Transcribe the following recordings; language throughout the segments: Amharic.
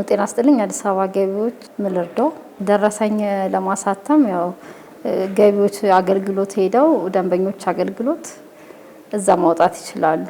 ስሙ ጤና ስጥልኝ አዲስ አበባ ገቢዎች ምልርዶ ደረሰኝ ለማሳተም ያው ገቢዎች አገልግሎት ሄደው ደንበኞች አገልግሎት እዛ ማውጣት ይችላሉ።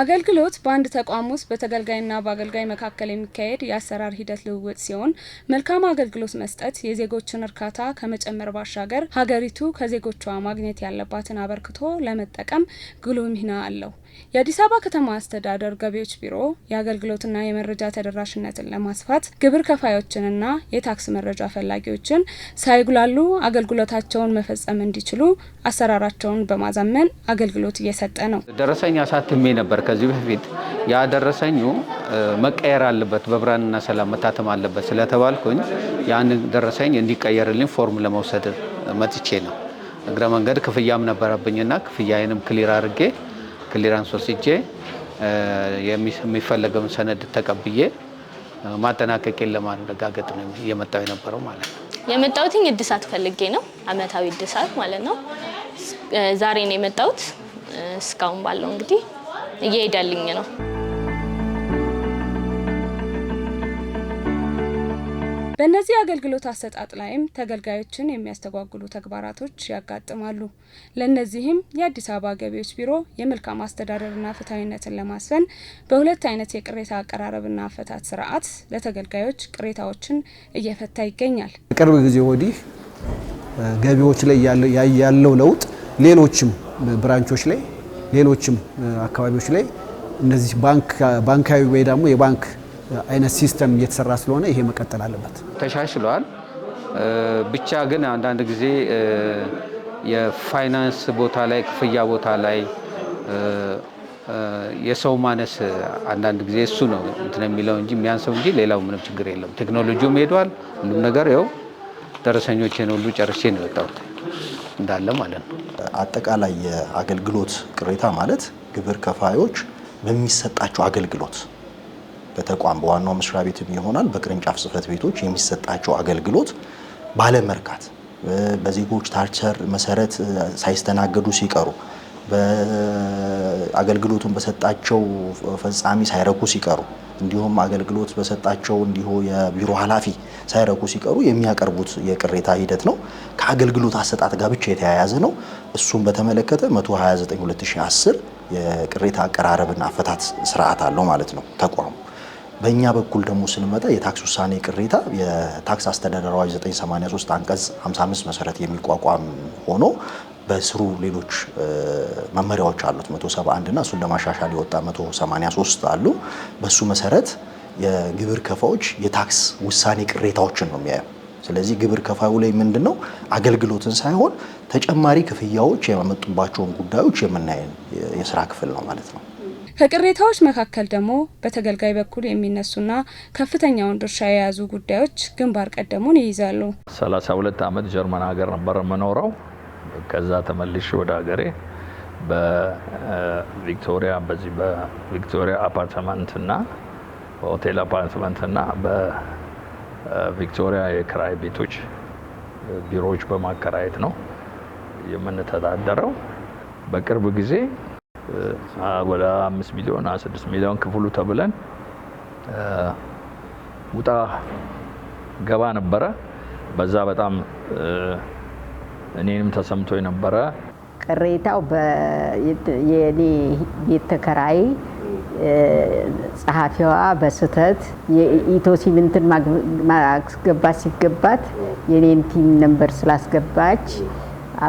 አገልግሎት በአንድ ተቋም ውስጥ በተገልጋይና በአገልጋይ መካከል የሚካሄድ የአሰራር ሂደት ልውውጥ ሲሆን መልካም አገልግሎት መስጠት የዜጎችን እርካታ ከመጨመር ባሻገር ሀገሪቱ ከዜጎቿ ማግኘት ያለባትን አበርክቶ ለመጠቀም ጉልህ ሚና አለው። የአዲስ አበባ ከተማ አስተዳደር ገቢዎች ቢሮ የአገልግሎትና የመረጃ ተደራሽነትን ለማስፋት ግብር ከፋዮችንና የታክስ መረጃ ፈላጊዎችን ሳይጉላሉ አገልግሎታቸውን መፈጸም እንዲችሉ አሰራራቸውን በማዘመን አገልግሎት እየሰጠ ነው። ደረሰኝ አሳትሜ ነበር ከዚህ በፊት ያ ደረሰኙ መቀየር አለበት በብርሃንና ሰላም መታተም አለበት ስለተባልኩኝ ያን ደረሰኝ እንዲቀየርልኝ ፎርም ለመውሰድ መጥቼ ነው። እግረ መንገድ ክፍያም ነበረብኝና ክፍያዬንም ክሊር አድርጌ ክሊራንስ ወስጄ የሚፈለገውን ሰነድ ተቀብዬ ማጠናቀቄን ለማረጋገጥ ነው እየመጣው የነበረው ማለት ነው። የመጣሁትኝ እድሳት ፈልጌ ነው። አመታዊ እድሳት ማለት ነው። ዛሬ ነው የመጣሁት። እስካሁን ባለው እንግዲህ እየሄዳልኝ ነው። በእነዚህ አገልግሎት አሰጣጥ ላይም ተገልጋዮችን የሚያስተጓጉሉ ተግባራቶች ያጋጥማሉ። ለእነዚህም የአዲስ አበባ ገቢዎች ቢሮ የመልካም አስተዳደርና ፍትሐዊነትን ለማስፈን በሁለት አይነት የቅሬታ አቀራረብና አፈታት ስርዓት ለተገልጋዮች ቅሬታዎችን እየፈታ ይገኛል። ቅርብ ጊዜ ወዲህ ገቢዎች ላይ ያለው ለውጥ ሌሎችም ብራንቾች ላይ ሌሎችም አካባቢዎች ላይ እነዚህ ባንካዊ ወይ ደግሞ የባንክ አይነት ሲስተም እየተሰራ ስለሆነ ይሄ መቀጠል አለበት። ተሻሽሏል። ብቻ ግን አንዳንድ ጊዜ የፋይናንስ ቦታ ላይ ክፍያ ቦታ ላይ የሰው ማነስ አንዳንድ ጊዜ እሱ ነው እንትን የሚለው እንጂ የሚያንሰው እንጂ ሌላው ምንም ችግር የለም። ቴክኖሎጂውም ሄዷል። ሁሉም ነገር ያው ደረሰኞችን ሁሉ ጨርሼ ነው የወጣሁት። እንዳለ ማለት ነው። አጠቃላይ የአገልግሎት ቅሬታ ማለት ግብር ከፋዮች በሚሰጣቸው አገልግሎት በተቋም በዋናው መስሪያ ቤት ይሆናል፣ በቅርንጫፍ ጽህፈት ቤቶች የሚሰጣቸው አገልግሎት ባለመርካት በዜጎች ታርቸር መሰረት ሳይስተናገዱ ሲቀሩ አገልግሎቱን በሰጣቸው ፈጻሚ ሳይረኩ ሲቀሩ እንዲሁም አገልግሎት በሰጣቸው እንዲሁ የቢሮ ኃላፊ ሳይረኩ ሲቀሩ የሚያቀርቡት የቅሬታ ሂደት ነው። ከአገልግሎት አሰጣት ጋር ብቻ የተያያዘ ነው። እሱም በተመለከተ 129/2010 የቅሬታ አቀራረብና አፈታት ስርዓት አለው ማለት ነው ተቋሙ። በእኛ በኩል ደግሞ ስንመጣ የታክስ ውሳኔ ቅሬታ የታክስ አስተዳደር አዋጅ 983 አንቀጽ 55 መሰረት የሚቋቋም ሆኖ በስሩ ሌሎች መመሪያዎች አሉት 171 እና እሱን ለማሻሻል የወጣ 183 አሉ። በሱ መሰረት የግብር ከፋዎች የታክስ ውሳኔ ቅሬታዎችን ነው የሚያየው። ስለዚህ ግብር ከፋዩ ላይ ምንድን ነው አገልግሎትን ሳይሆን ተጨማሪ ክፍያዎች የመጡባቸውን ጉዳዮች የምናየን የስራ ክፍል ነው ማለት ነው። ከቅሬታዎች መካከል ደግሞ በተገልጋይ በኩል የሚነሱና ከፍተኛውን ድርሻ የያዙ ጉዳዮች ግንባር ቀደሙን ይይዛሉ። 32 ዓመት ጀርመን ሀገር ነበር የምኖረው። ከዛ ተመልሼ ወደ ሀገሬ በቪክቶሪያ በዚህ በቪክቶሪያ አፓርትመንትና አፓርትመንት እና በቪክቶሪያ የክራይ ቤቶች ቢሮዎች በማከራየት ነው የምንተዳደረው። በቅርብ ጊዜ ወደ አምስት ሚሊዮን ስድስት ሚሊዮን ክፍሉ ተብለን ውጣ ገባ ነበረ። በዛ በጣም እኔንም ተሰምቶ የነበረ ቅሬታው የኔ ቤት ተከራይ ጸሐፊዋ በስህተት የኢትዮ ሲሚንትን ማስገባት ሲገባት የኔን ቲም ነንበር ስላስገባች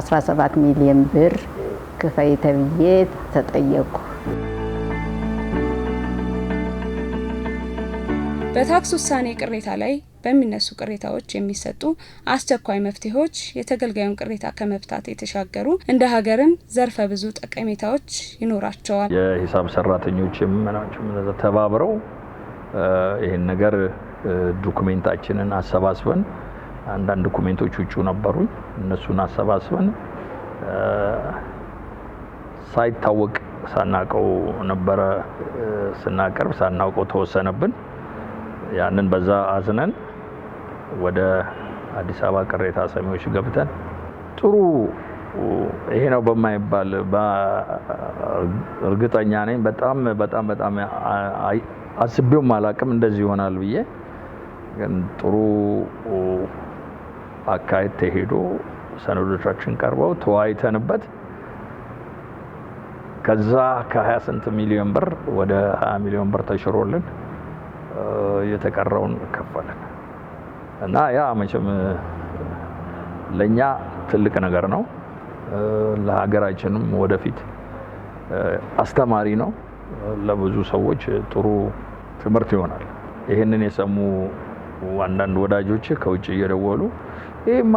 17 ሚሊዮን ብር ክፈይ ተብዬ ተጠየቁ። በታክስ ውሳኔ ቅሬታ ላይ በሚነሱ ቅሬታዎች የሚሰጡ አስቸኳይ መፍትሄዎች የተገልጋዩን ቅሬታ ከመፍታት የተሻገሩ እንደ ሀገርም ዘርፈ ብዙ ጠቀሜታዎች ይኖራቸዋል። የሂሳብ ሰራተኞች ምናቸውም ተባብረው ይህን ነገር ዶኩሜንታችንን አሰባስበን አንዳንድ ዶኩሜንቶች ውጭ ነበሩኝ። እነሱን አሰባስበን ሳይታወቅ ሳናውቀው ነበረ ስናቀርብ፣ ሳናውቀው ተወሰነብን። ያንን በዛ አዝነን ወደ አዲስ አበባ ቅሬታ ሰሚዎች ገብተን ጥሩ ይሄ ነው በማይባል እርግጠኛ ነኝ። በጣም በጣም በጣም አስቤውም አላቅም እንደዚህ ይሆናል ብዬ ግን ጥሩ አካሄድ ተሄዶ ሰነዶቻችን ቀርበው ተወያይተንበት ከዛ ከ 28 ሚሊዮን ብር ወደ 20 ሚሊዮን ብር ተሽሮልን የተቀረውን ከፈለን። እና ያ መቼም ለእኛ ትልቅ ነገር ነው። ለሀገራችንም ወደፊት አስተማሪ ነው። ለብዙ ሰዎች ጥሩ ትምህርት ይሆናል። ይህንን የሰሙ አንዳንድ ወዳጆች ከውጭ እየደወሉ ይህማ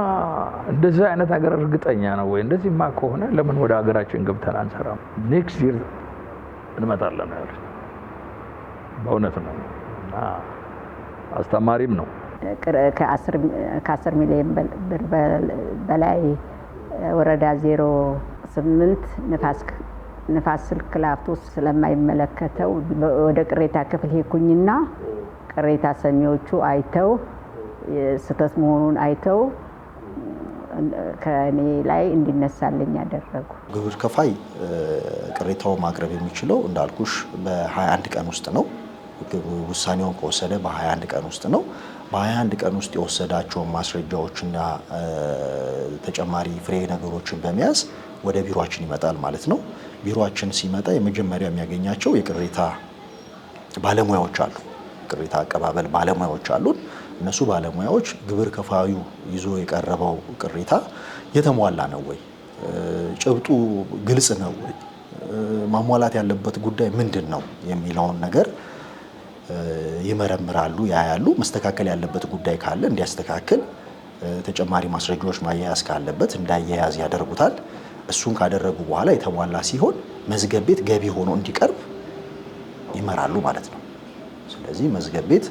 እንደዚህ አይነት ሀገር እርግጠኛ ነው ወይ? እንደዚህማ ከሆነ ለምን ወደ ሀገራችን ገብተን አንሰራም? ኔክስት ይር እንመጣለን ያሉት በእውነት ነው እና አስተማሪም ነው። ከአስር ሚሊዮን ብር በላይ ወረዳ ዜሮ ስምንት ንፋስ ስልክ ላፍቶ ስለማይመለከተው ወደ ቅሬታ ክፍል ሄኩኝና ቅሬታ ሰሚዎቹ አይተው ስህተት መሆኑን አይተው ከእኔ ላይ እንዲነሳልኝ ያደረጉ። ግብር ከፋይ ቅሬታው ማቅረብ የሚችለው እንዳልኩሽ በ21 ቀን ውስጥ ነው። ውሳኔውን ከወሰደ በ21 ቀን ውስጥ ነው። በ ቀን ውስጥ የወሰዳቸውን ማስረጃዎችና ተጨማሪ ፍሬ ነገሮችን በመያዝ ወደ ቢሮችን ይመጣል ማለት ነው። ቢሮችን ሲመጣ የመጀመሪያ የሚያገኛቸው የቅሬታ ባለሙያዎች አሉ። ቅሬታ አቀባበል ባለሙያዎች አሉን። እነሱ ባለሙያዎች ግብር ከፋዩ ይዞ የቀረበው ቅሬታ የተሟላ ነው ወይ፣ ጭብጡ ግልጽ ነው ወይ፣ ማሟላት ያለበት ጉዳይ ምንድን ነው የሚለውን ነገር ይመረምራሉ፣ ያያሉ። መስተካከል ያለበት ጉዳይ ካለ እንዲያስተካክል ተጨማሪ ማስረጃዎች ማያያዝ ካለበት እንዳያያዝ ያደርጉታል። እሱን ካደረጉ በኋላ የተሟላ ሲሆን መዝገብ ቤት ገቢ ሆኖ እንዲቀርብ ይመራሉ ማለት ነው። ስለዚህ መዝገብ ቤት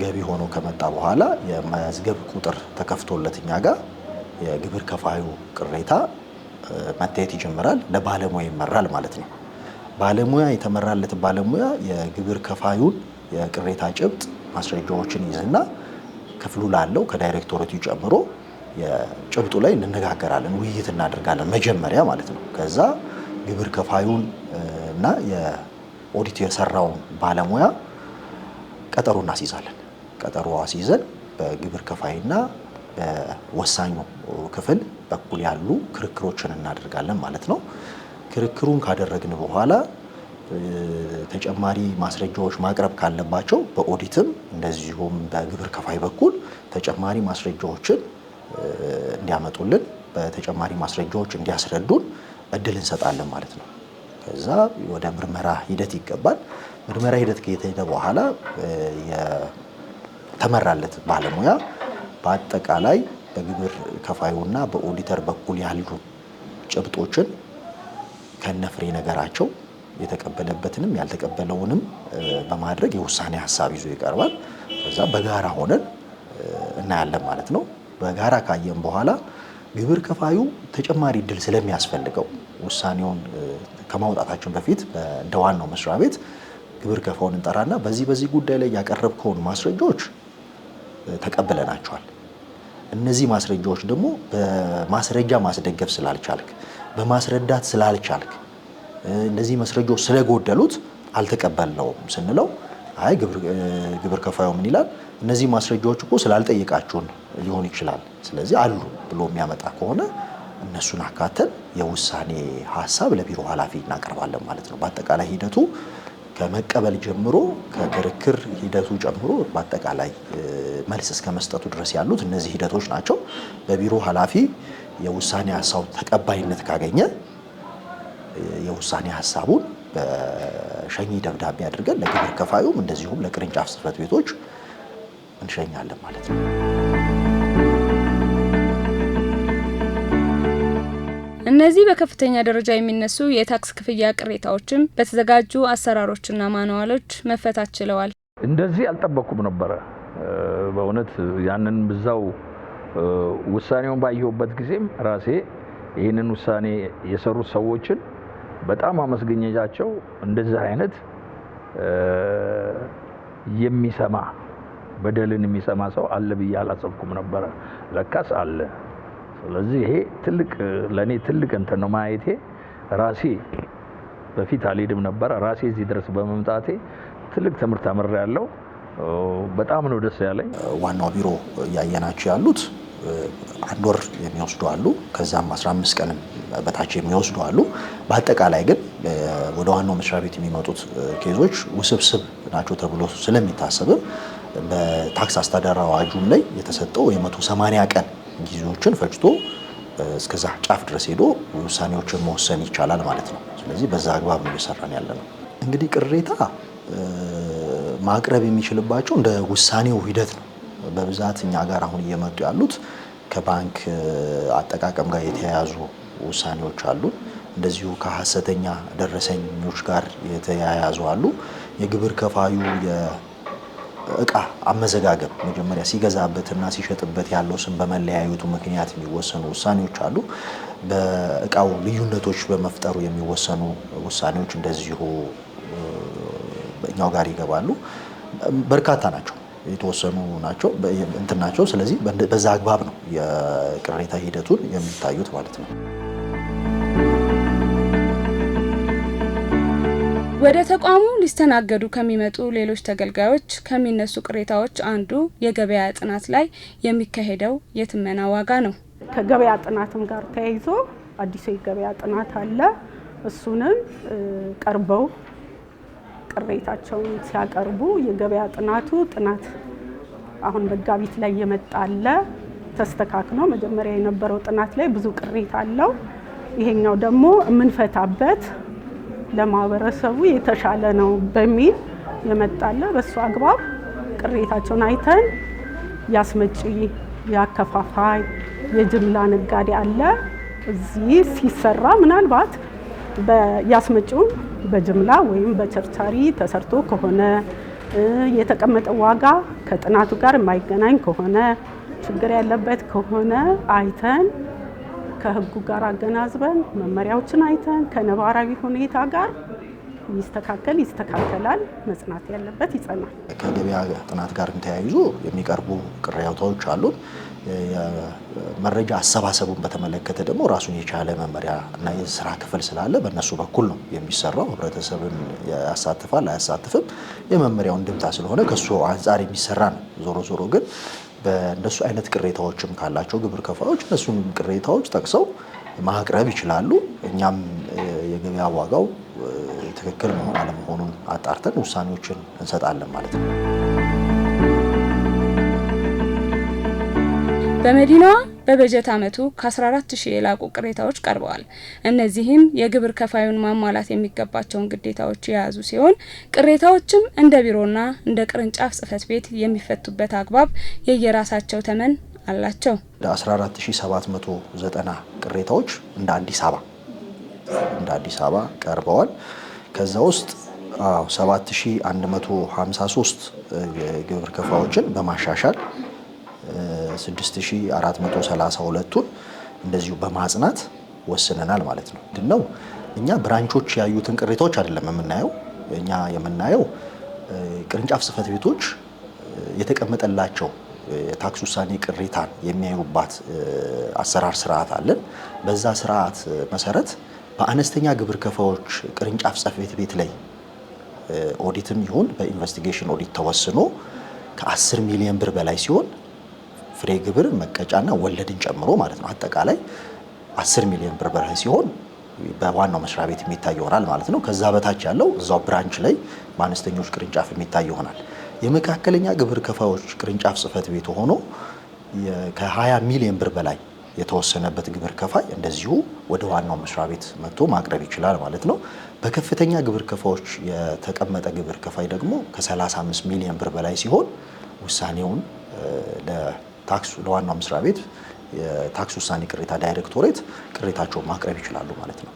ገቢ ሆኖ ከመጣ በኋላ የመዝገብ ቁጥር ተከፍቶለት እኛ ጋር የግብር ከፋዩ ቅሬታ መታየት ይጀምራል። ለባለሙያ ይመራል ማለት ነው። ባለሙያ የተመራለት ባለሙያ የግብር ከፋዩን የቅሬታ ጭብጥ ማስረጃዎችን ይዝና ክፍሉ ላለው ከዳይሬክቶሬቱ ጨምሮ የጭብጡ ላይ እንነጋገራለን፣ ውይይት እናደርጋለን። መጀመሪያ ማለት ነው። ከዛ ግብር ከፋዩን እና የኦዲት የሰራውን ባለሙያ ቀጠሮ እናስይዛለን። ቀጠሮ አስይዘን በግብር ከፋይና በወሳኙ ክፍል በኩል ያሉ ክርክሮችን እናደርጋለን ማለት ነው። ክርክሩን ካደረግን በኋላ ተጨማሪ ማስረጃዎች ማቅረብ ካለባቸው በኦዲትም እንደዚሁም በግብር ከፋይ በኩል ተጨማሪ ማስረጃዎችን እንዲያመጡልን በተጨማሪ ማስረጃዎች እንዲያስረዱን እድል እንሰጣለን ማለት ነው። ከዛ ወደ ምርመራ ሂደት ይገባል። ምርመራ ሂደት ከሄደ በኋላ የተመራለት ባለሙያ በአጠቃላይ በግብር ከፋዩና በኦዲተር በኩል ያሉ ጭብጦችን ከነፍሬ ነገራቸው የተቀበለበትንም ያልተቀበለውንም በማድረግ የውሳኔ ሀሳብ ይዞ ይቀርባል። ከዛ በጋራ ሆነን እናያለን ማለት ነው። በጋራ ካየን በኋላ ግብር ከፋዩ ተጨማሪ እድል ስለሚያስፈልገው ውሳኔውን ከማውጣታችን በፊት እንደ ዋናው መስሪያ ቤት ግብር ከፋውን እንጠራና በዚህ በዚህ ጉዳይ ላይ ያቀረብከውን ማስረጃዎች ተቀብለናቸዋል። እነዚህ ማስረጃዎች ደግሞ በማስረጃ ማስደገፍ ስላልቻልክ፣ በማስረዳት ስላልቻልክ እነዚህ ማስረጃዎች ስለጎደሉት አልተቀበልነውም ስንለው አይ ግብር ከፋዩ ምን ይላል? እነዚህ ማስረጃዎች እኮ ስላልጠየቃችሁን ሊሆን ይችላል። ስለዚህ አሉ ብሎ የሚያመጣ ከሆነ እነሱን አካተን የውሳኔ ሀሳብ ለቢሮ ኃላፊ እናቀርባለን ማለት ነው። በአጠቃላይ ሂደቱ ከመቀበል ጀምሮ ከክርክር ሂደቱ ጨምሮ በአጠቃላይ መልስ እስከ መስጠቱ ድረስ ያሉት እነዚህ ሂደቶች ናቸው። በቢሮ ኃላፊ የውሳኔ ሀሳብ ተቀባይነት ካገኘ የውሳኔ ሀሳቡን በሸኚ ደብዳቤ አድርገን ለግብር ከፋዩም እንደዚሁም ለቅርንጫፍ ጽሕፈት ቤቶች እንሸኛለን ማለት ነው። እነዚህ በከፍተኛ ደረጃ የሚነሱ የታክስ ክፍያ ቅሬታዎችም በተዘጋጁ አሰራሮችና ማንዋሎች መፈታት ችለዋል። እንደዚህ አልጠበኩም ነበረ። በእውነት ያንን ብዛው ውሳኔውን ባየሁበት ጊዜም ራሴ ይህንን ውሳኔ የሰሩት ሰዎችን በጣም አመስገኘቻቸው። እንደዚህ አይነት የሚሰማ በደልን የሚሰማ ሰው አለ ብዬ አላሰብኩም ነበረ። ለካስ አለ። ስለዚህ ይሄ ትልቅ ለእኔ ትልቅ እንትን ነው ማየቴ። ራሴ በፊት አልሄድም ነበረ። ራሴ እዚህ ድረስ በመምጣቴ ትልቅ ትምህርት ተምሬያለሁ። በጣም ነው ደስ ያለኝ። ዋናው ቢሮ እያየናቸው ያሉት አንድ ወር የሚወስዱ አሉ። ከዛም 15 ቀንም በታች የሚወስዱ አሉ። በአጠቃላይ ግን ወደ ዋናው መስሪያ ቤት የሚመጡት ኬዞች ውስብስብ ናቸው ተብሎ ስለሚታሰብም በታክስ አስተዳደር አዋጁም ላይ የተሰጠው የ180 ቀን ጊዜዎችን ፈጅቶ እስከዛ ጫፍ ድረስ ሄዶ ውሳኔዎችን መወሰን ይቻላል ማለት ነው። ስለዚህ በዛ አግባብ ነው እየሰራን ያለ ነው። እንግዲህ ቅሬታ ማቅረብ የሚችልባቸው እንደ ውሳኔው ሂደት ነው። በብዛት እኛ ጋር አሁን እየመጡ ያሉት ከባንክ አጠቃቀም ጋር የተያያዙ ውሳኔዎች አሉ። እንደዚሁ ከሀሰተኛ ደረሰኞች ጋር የተያያዙ አሉ። የግብር ከፋዩ የእቃ አመዘጋገብ መጀመሪያ ሲገዛበትና ሲሸጥበት ያለው ስም በመለያየቱ ምክንያት የሚወሰኑ ውሳኔዎች አሉ። በእቃው ልዩነቶች በመፍጠሩ የሚወሰኑ ውሳኔዎች እንደዚሁ በእኛው ጋር ይገባሉ። በርካታ ናቸው። የተወሰኑ ናቸው እንትን ናቸው። ስለዚህ በዛ አግባብ ነው የቅሬታ ሂደቱን የሚታዩት ማለት ነው። ወደ ተቋሙ ሊስተናገዱ ከሚመጡ ሌሎች ተገልጋዮች ከሚነሱ ቅሬታዎች አንዱ የገበያ ጥናት ላይ የሚካሄደው የትመና ዋጋ ነው። ከገበያ ጥናትም ጋር ተያይዞ አዲሱ የገበያ ጥናት አለ። እሱንም ቀርበው ቅሬታቸውን ሲያቀርቡ የገበያ ጥናቱ ጥናት አሁን መጋቢት ላይ የመጣ አለ ተስተካክሎ መጀመሪያ የነበረው ጥናት ላይ ብዙ ቅሬታ አለው። ይሄኛው ደግሞ የምንፈታበት ለማህበረሰቡ የተሻለ ነው በሚል የመጣለ በእሱ አግባብ ቅሬታቸውን አይተን ያስመጪ፣ ያከፋፋይ፣ የጅምላ ነጋዴ አለ እዚህ ሲሰራ ምናልባት ያስመጪውን በጅምላ ወይም በቸርቻሪ ተሰርቶ ከሆነ የተቀመጠ ዋጋ ከጥናቱ ጋር የማይገናኝ ከሆነ ችግር ያለበት ከሆነ አይተን ከህጉ ጋር አገናዝበን መመሪያዎችን አይተን ከነባራዊ ሁኔታ ጋር ይስተካከል ይስተካከላል። መጽናት ያለበት ይጸናል። ከገበያ ጥናት ጋር ተያይዞ የሚቀርቡ ቅሬታዎች አሉን። መረጃ አሰባሰቡን በተመለከተ ደግሞ ራሱን የቻለ መመሪያ እና የስራ ክፍል ስላለ በእነሱ በኩል ነው የሚሰራው። ህብረተሰብን ያሳትፋል አያሳትፍም የመመሪያው እንድምታ ስለሆነ ከእሱ አንጻር የሚሰራ ነው። ዞሮ ዞሮ ግን በእነሱ አይነት ቅሬታዎችም ካላቸው ግብር ከፋዮች እነሱን ቅሬታዎች ጠቅሰው ማቅረብ ይችላሉ። እኛም የገበያ ዋጋው ትክክል መሆን አለመሆኑን አጣርተን ውሳኔዎችን እንሰጣለን ማለት ነው። በመዲናዋ በበጀት ዓመቱ ከ14 ሺህ የላቁ ቅሬታዎች ቀርበዋል። እነዚህም የግብር ከፋዩን ማሟላት የሚገባቸውን ግዴታዎች የያዙ ሲሆን ቅሬታዎችም እንደ ቢሮና እንደ ቅርንጫፍ ጽህፈት ቤት የሚፈቱበት አግባብ የየራሳቸው ተመን አላቸው። 14790 ቅሬታዎች እንደ አዲስ አበባ እንደ አዲስ አበባ ቀርበዋል። ከዛ ውስጥ 7153 የግብር ከፋዎችን በማሻሻል 6432ቱን እንደዚሁ በማጽናት ወስነናል ማለት ነው። ምንድን ነው እኛ ብራንቾች ያዩትን ቅሬታዎች አይደለም የምናየው። እኛ የምናየው ቅርንጫፍ ጽህፈት ቤቶች የተቀመጠላቸው የታክስ ውሳኔ ቅሬታን የሚያዩባት አሰራር ስርዓት አለን። በዛ ስርዓት መሰረት በአነስተኛ ግብር ከፋዎች ቅርንጫፍ ጽፈት ቤት ላይ ኦዲትም ይሁን በኢንቨስቲጌሽን ኦዲት ተወስኖ ከ10 ሚሊዮን ብር በላይ ሲሆን ፍሬ ግብር መቀጫና ወለድን ጨምሮ ማለት ነው አጠቃላይ 10 ሚሊዮን ብር በላይ ሲሆን በዋናው መስሪያ ቤት የሚታይ ይሆናል ማለት ነው። ከዛ በታች ያለው እዛው ብራንች ላይ በአነስተኞች ቅርንጫፍ የሚታይ ይሆናል። የመካከለኛ ግብር ከፋዮች ቅርንጫፍ ጽህፈት ቤት ሆኖ ከ20 ሚሊዮን ብር በላይ የተወሰነበት ግብር ከፋይ እንደዚሁ ወደ ዋናው መስሪያ ቤት መጥቶ ማቅረብ ይችላል ማለት ነው። በከፍተኛ ግብር ከፋዎች የተቀመጠ ግብር ከፋይ ደግሞ ከ35 ሚሊዮን ብር በላይ ሲሆን ውሳኔውን ታክሱ ለዋናው መስሪያ ቤት የታክስ ውሳኔ ቅሬታ ዳይሬክቶሬት ቅሬታቸውን ማቅረብ ይችላሉ ማለት ነው።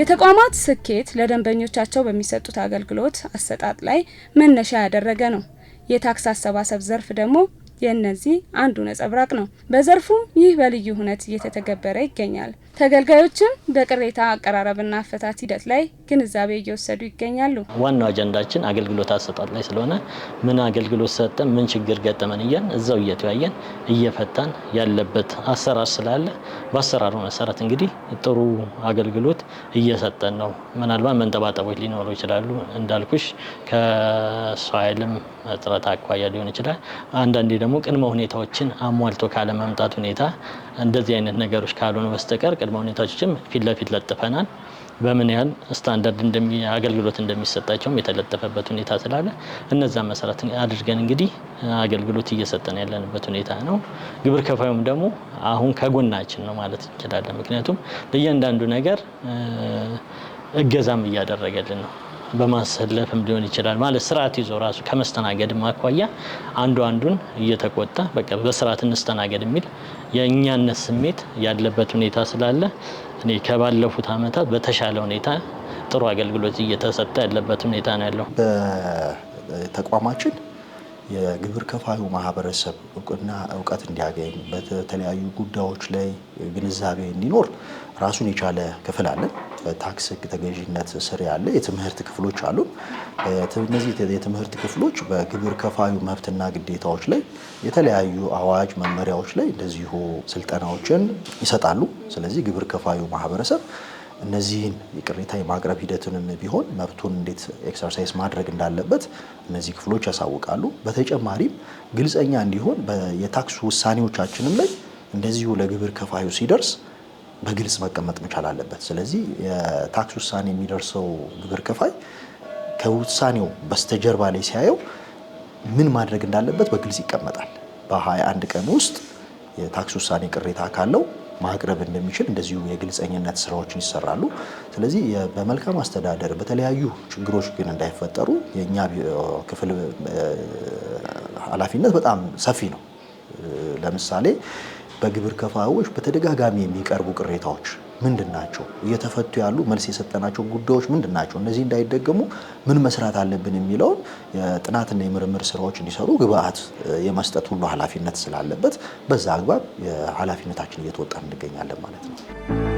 የተቋማት ስኬት ለደንበኞቻቸው በሚሰጡት አገልግሎት አሰጣጥ ላይ መነሻ ያደረገ ነው። የታክስ አሰባሰብ ዘርፍ ደግሞ የእነዚህ አንዱ ነጸብራቅ ነው። በዘርፉ ይህ በልዩ ሁነት እየተተገበረ ይገኛል። ተገልጋዮችም በቅሬታ አቀራረብና አፈታት ሂደት ላይ ግንዛቤ እየወሰዱ ይገኛሉ። ዋናው አጀንዳችን አገልግሎት አሰጣጥ ላይ ስለሆነ ምን አገልግሎት ሰጠን፣ ምን ችግር ገጠመን እያን እዛው እየተወያየን እየፈታን ያለበት አሰራር ስላለ በአሰራሩ መሰረት እንግዲህ ጥሩ አገልግሎት እየሰጠን ነው። ምናልባት መንጠባጠቦች ሊኖሩ ይችላሉ እንዳልኩሽ ከሰው ኃይልም እጥረት አኳያ ሊሆን ይችላል። አንዳንዴ ደግሞ ቅድመ ሁኔታዎችን አሟልቶ ካለመምጣት ሁኔታ እንደዚህ አይነት ነገሮች ካልሆነ በስተቀር ቅድመ ሁኔታዎችም ፊት ለፊት ለጥፈናል። በምን ያህል ስታንዳርድ አገልግሎት እንደሚሰጣቸውም የተለጠፈበት ሁኔታ ስላለ እነዛ መሰረት አድርገን እንግዲህ አገልግሎት እየሰጠን ያለንበት ሁኔታ ነው። ግብር ከፋዩም ደግሞ አሁን ከጎናችን ነው ማለት እንችላለን። ምክንያቱም በእያንዳንዱ ነገር እገዛም እያደረገልን ነው። በማሰለፍም ሊሆን ይችላል ማለት ስርዓት ይዞ ራሱ ከመስተናገድም አኳያ አንዱ አንዱን እየተቆጣ በቃ በስርዓት እንስተናገድ የሚል የእኛነት ስሜት ያለበት ሁኔታ ስላለ እኔ ከባለፉት ዓመታት በተሻለ ሁኔታ ጥሩ አገልግሎት እየተሰጠ ያለበት ሁኔታ ነው ያለው። በተቋማችን የግብር ከፋዩ ማህበረሰብ እውቅና እውቀት እንዲያገኝ በተለያዩ ጉዳዮች ላይ ግንዛቤ እንዲኖር ራሱን የቻለ ክፍል አለን። በታክስ ተገዥነት ስር ያለ የትምህርት ክፍሎች አሉ። እነዚህ የትምህርት ክፍሎች በግብር ከፋዩ መብትና ግዴታዎች ላይ የተለያዩ አዋጅ መመሪያዎች ላይ እንደዚሁ ስልጠናዎችን ይሰጣሉ። ስለዚህ ግብር ከፋዩ ማህበረሰብ እነዚህን የቅሬታ የማቅረብ ሂደትንም ቢሆን መብቱን እንዴት ኤክሰርሳይዝ ማድረግ እንዳለበት እነዚህ ክፍሎች ያሳውቃሉ። በተጨማሪም ግልጸኛ እንዲሆን የታክስ ውሳኔዎቻችንም ላይ እንደዚሁ ለግብር ከፋዩ ሲደርስ በግልጽ መቀመጥ መቻል አለበት። ስለዚህ የታክስ ውሳኔ የሚደርሰው ግብር ከፋይ ከውሳኔው በስተጀርባ ላይ ሲያየው ምን ማድረግ እንዳለበት በግልጽ ይቀመጣል። በ21 ቀን ውስጥ የታክስ ውሳኔ ቅሬታ ካለው ማቅረብ እንደሚችል እንደዚሁ የግልጸኝነት ስራዎችን ይሰራሉ። ስለዚህ በመልካም አስተዳደር በተለያዩ ችግሮች ግን እንዳይፈጠሩ የእኛ ክፍል ኃላፊነት በጣም ሰፊ ነው። ለምሳሌ በግብር ከፋዎች በተደጋጋሚ የሚቀርቡ ቅሬታዎች ምንድን ናቸው? እየተፈቱ ያሉ መልስ የሰጠናቸው ጉዳዮች ምንድን ናቸው? እነዚህ እንዳይደገሙ ምን መስራት አለብን የሚለውን የጥናትና የምርምር ስራዎች እንዲሰሩ ግብአት የመስጠት ሁሉ ኃላፊነት ስላለበት በዛ አግባብ ኃላፊነታችን እየተወጣን እንገኛለን ማለት ነው።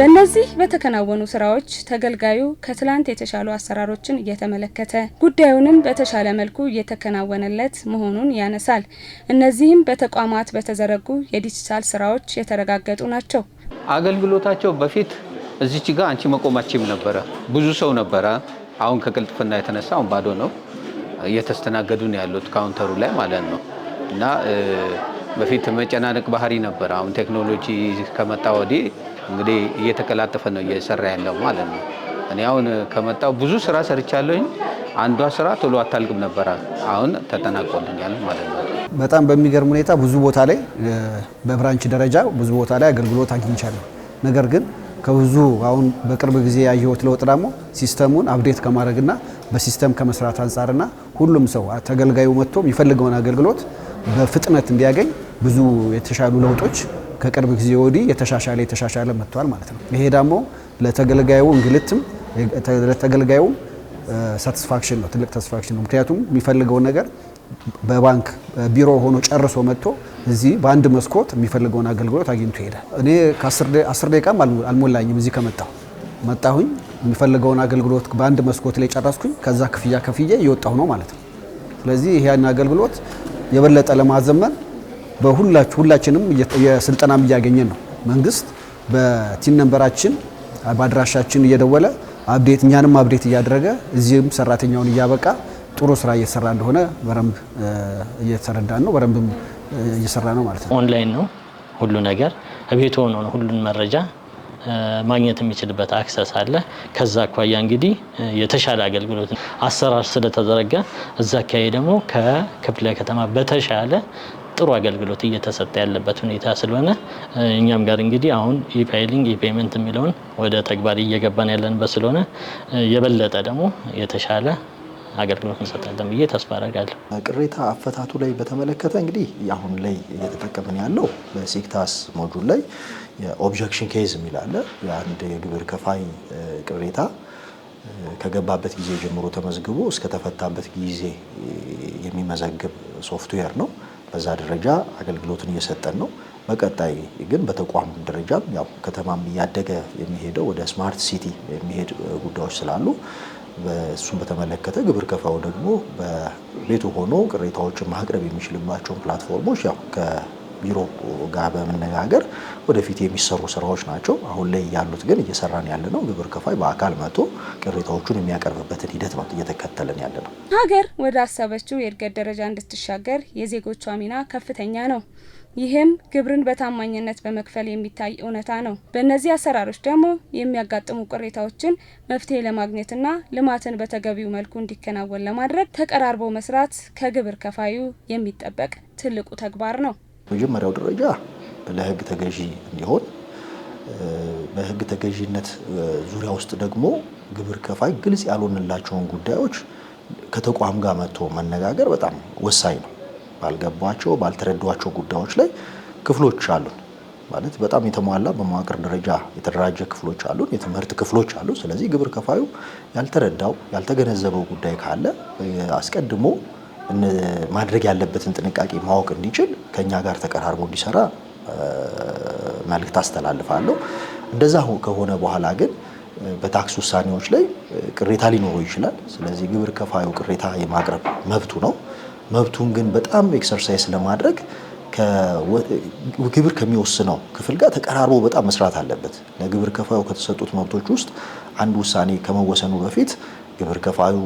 በእነዚህ በተከናወኑ ስራዎች ተገልጋዩ ከትላንት የተሻሉ አሰራሮችን እየተመለከተ ጉዳዩንም በተሻለ መልኩ እየተከናወነለት መሆኑን ያነሳል። እነዚህም በተቋማት በተዘረጉ የዲጂታል ስራዎች የተረጋገጡ ናቸው። አገልግሎታቸው በፊት እዚች ጋር አንቺ መቆማችም ነበረ፣ ብዙ ሰው ነበረ። አሁን ከቅልጥፍና የተነሳ አሁን ባዶ ነው፣ እየተስተናገዱ ነው ያሉት ካውንተሩ ላይ ማለት ነው እና በፊት መጨናነቅ ባህሪ ነበር። አሁን ቴክኖሎጂ ከመጣ ወዲህ እንግዲህ እየተቀላጠፈ ነው እየሰራ ያለው ማለት ነው። እኔ አሁን ከመጣው ብዙ ስራ ሰርቻለሁኝ። አንዷ ስራ ቶሎ አታልቅም ነበረ፣ አሁን ተጠናቆልኛል ማለት ነው። በጣም በሚገርም ሁኔታ ብዙ ቦታ ላይ በብራንች ደረጃ ብዙ ቦታ ላይ አገልግሎት አግኝቻለሁ። ነገር ግን ከብዙ አሁን በቅርብ ጊዜ ያየሁት ለውጥ ደግሞ ሲስተሙን አብዴት ከማድረግና በሲስተም ከመስራት አንጻርና ሁሉም ሰው ተገልጋዩ መጥቶ የሚፈልገውን አገልግሎት በፍጥነት እንዲያገኝ ብዙ የተሻሉ ለውጦች ከቅርብ ጊዜ ወዲህ የተሻሻለ የተሻሻለ መጥቷል ማለት ነው። ይሄ ደግሞ ለተገልጋዩ እንግልትም ለተገልጋዩ ሳቲስፋክሽን ነው፣ ትልቅ ሳቲስፋክሽን ነው። ምክንያቱም የሚፈልገውን ነገር በባንክ ቢሮ ሆኖ ጨርሶ መጥቶ እዚህ በአንድ መስኮት የሚፈልገውን አገልግሎት አግኝቶ ይሄዳል። እኔ ከአስር ደቂቃም አልሞላኝም እዚህ ከመጣሁ መጣሁኝ የሚፈልገውን አገልግሎት በአንድ መስኮት ላይ ጨረስኩኝ። ከዛ ክፍያ ከፍዬ እየወጣሁ ነው ማለት ነው። ስለዚህ ይህን አገልግሎት የበለጠ ለማዘመን በሁላችሁ ሁላችንም የስልጠናም እያገኘን ነው። መንግስት በቲን ነንበራችን በአድራሻችን እየደወለ አብዴት እኛንም አብዴት እያደረገ እዚህም ሰራተኛውን እያበቃ ጥሩ ስራ እየሰራ እንደሆነ በረንብ እየተረዳን ነው። በረንብም እየሰራ ነው ማለት ነው። ኦንላይን ነው ሁሉ ነገር እቤት ሆኖ ነው ሁሉን መረጃ ማግኘት የሚችልበት አክሰስ አለ። ከዛ አኳያ እንግዲህ የተሻለ አገልግሎት አሰራር ስለተዘረጋ እዛ አካባቢ ደግሞ ከክፍለ ከተማ በተሻለ ጥሩ አገልግሎት እየተሰጠ ያለበት ሁኔታ ስለሆነ እኛም ጋር እንግዲህ አሁን ኢፋይሊንግ ኢፔመንት የሚለውን ወደ ተግባር እየገባን ያለንበት ስለሆነ የበለጠ ደግሞ የተሻለ አገልግሎት እንሰጣለን ብዬ ተስፋ አደርጋለሁ። ቅሬታ አፈታቱ ላይ በተመለከተ እንግዲህ አሁን ላይ እየተጠቀምን ያለው በሴክታስ ሞጁል ላይ የኦብጀክሽን ኬዝ የሚላለ የአንድ የግብር ከፋይ ቅሬታ ከገባበት ጊዜ ጀምሮ ተመዝግቦ እስከተፈታበት ጊዜ የሚመዘግብ ሶፍትዌር ነው። በዛ ደረጃ አገልግሎትን እየሰጠን ነው። በቀጣይ ግን በተቋም ደረጃም ያው ከተማም እያደገ የሚሄደው ወደ ስማርት ሲቲ የሚሄድ ጉዳዮች ስላሉ እሱን በተመለከተ ግብር ከፋው ደግሞ በቤቱ ሆኖ ቅሬታዎችን ማቅረብ የሚችልባቸውን ፕላትፎርሞች ያው ቢሮ ጋር በመነጋገር ወደፊት የሚሰሩ ስራዎች ናቸው። አሁን ላይ ያሉት ግን እየሰራን ያለ ነው ግብር ከፋይ በአካል መጥቶ ቅሬታዎቹን የሚያቀርብበትን ሂደት ነው እየተከተልን ያለ ነው። ሀገር ወደ አሰበችው የእድገት ደረጃ እንድትሻገር የዜጎቿ ሚና ከፍተኛ ነው። ይህም ግብርን በታማኝነት በመክፈል የሚታይ እውነታ ነው። በእነዚህ አሰራሮች ደግሞ የሚያጋጥሙ ቅሬታዎችን መፍትሄ ለማግኘትና ልማትን በተገቢው መልኩ እንዲከናወን ለማድረግ ተቀራርቦ መስራት ከግብር ከፋዩ የሚጠበቅ ትልቁ ተግባር ነው። መጀመሪያው ደረጃ ለህግ ተገዢ እንዲሆን በህግ ተገዢነት ዙሪያ ውስጥ ደግሞ ግብር ከፋይ ግልጽ ያልሆንላቸውን ጉዳዮች ከተቋም ጋር መጥቶ መነጋገር በጣም ወሳኝ ነው። ባልገባቸው ባልተረዷቸው ጉዳዮች ላይ ክፍሎች አሉን ማለት በጣም የተሟላ በመዋቅር ደረጃ የተደራጀ ክፍሎች አሉን፣ የትምህርት ክፍሎች አሉ። ስለዚህ ግብር ከፋዩ ያልተረዳው ያልተገነዘበው ጉዳይ ካለ አስቀድሞ ማድረግ ያለበትን ጥንቃቄ ማወቅ እንዲችል ከኛ ጋር ተቀራርቦ እንዲሰራ መልእክት አስተላልፋለሁ። እንደዛ ከሆነ በኋላ ግን በታክስ ውሳኔዎች ላይ ቅሬታ ሊኖረው ይችላል። ስለዚህ ግብር ከፋዩ ቅሬታ የማቅረብ መብቱ ነው። መብቱን ግን በጣም ኤክሰርሳይዝ ለማድረግ ግብር ከሚወስነው ክፍል ጋር ተቀራርቦ በጣም መስራት አለበት። ለግብር ከፋዩ ከተሰጡት መብቶች ውስጥ አንድ ውሳኔ ከመወሰኑ በፊት ግብር ከፋዩ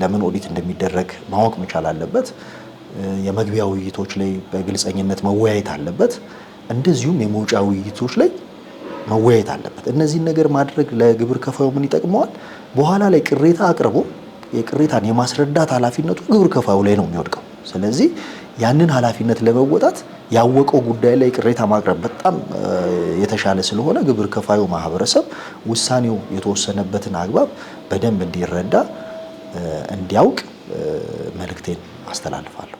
ለምን ኦዲት እንደሚደረግ ማወቅ መቻል አለበት። የመግቢያ ውይይቶች ላይ በግልጸኝነት መወያየት አለበት። እንደዚሁም የመውጫ ውይይቶች ላይ መወያየት አለበት። እነዚህን ነገር ማድረግ ለግብር ከፋዩ ምን ይጠቅመዋል? በኋላ ላይ ቅሬታ አቅርቦ የቅሬታን የማስረዳት ኃላፊነቱ ግብር ከፋዩ ላይ ነው የሚወድቀው። ስለዚህ ያንን ኃላፊነት ለመወጣት ያወቀው ጉዳይ ላይ ቅሬታ ማቅረብ በጣም የተሻለ ስለሆነ ግብር ከፋዩ ማህበረሰብ ውሳኔው የተወሰነበትን አግባብ በደንብ እንዲረዳ እንዲያውቅ መልእክቴን አስተላልፋለሁ።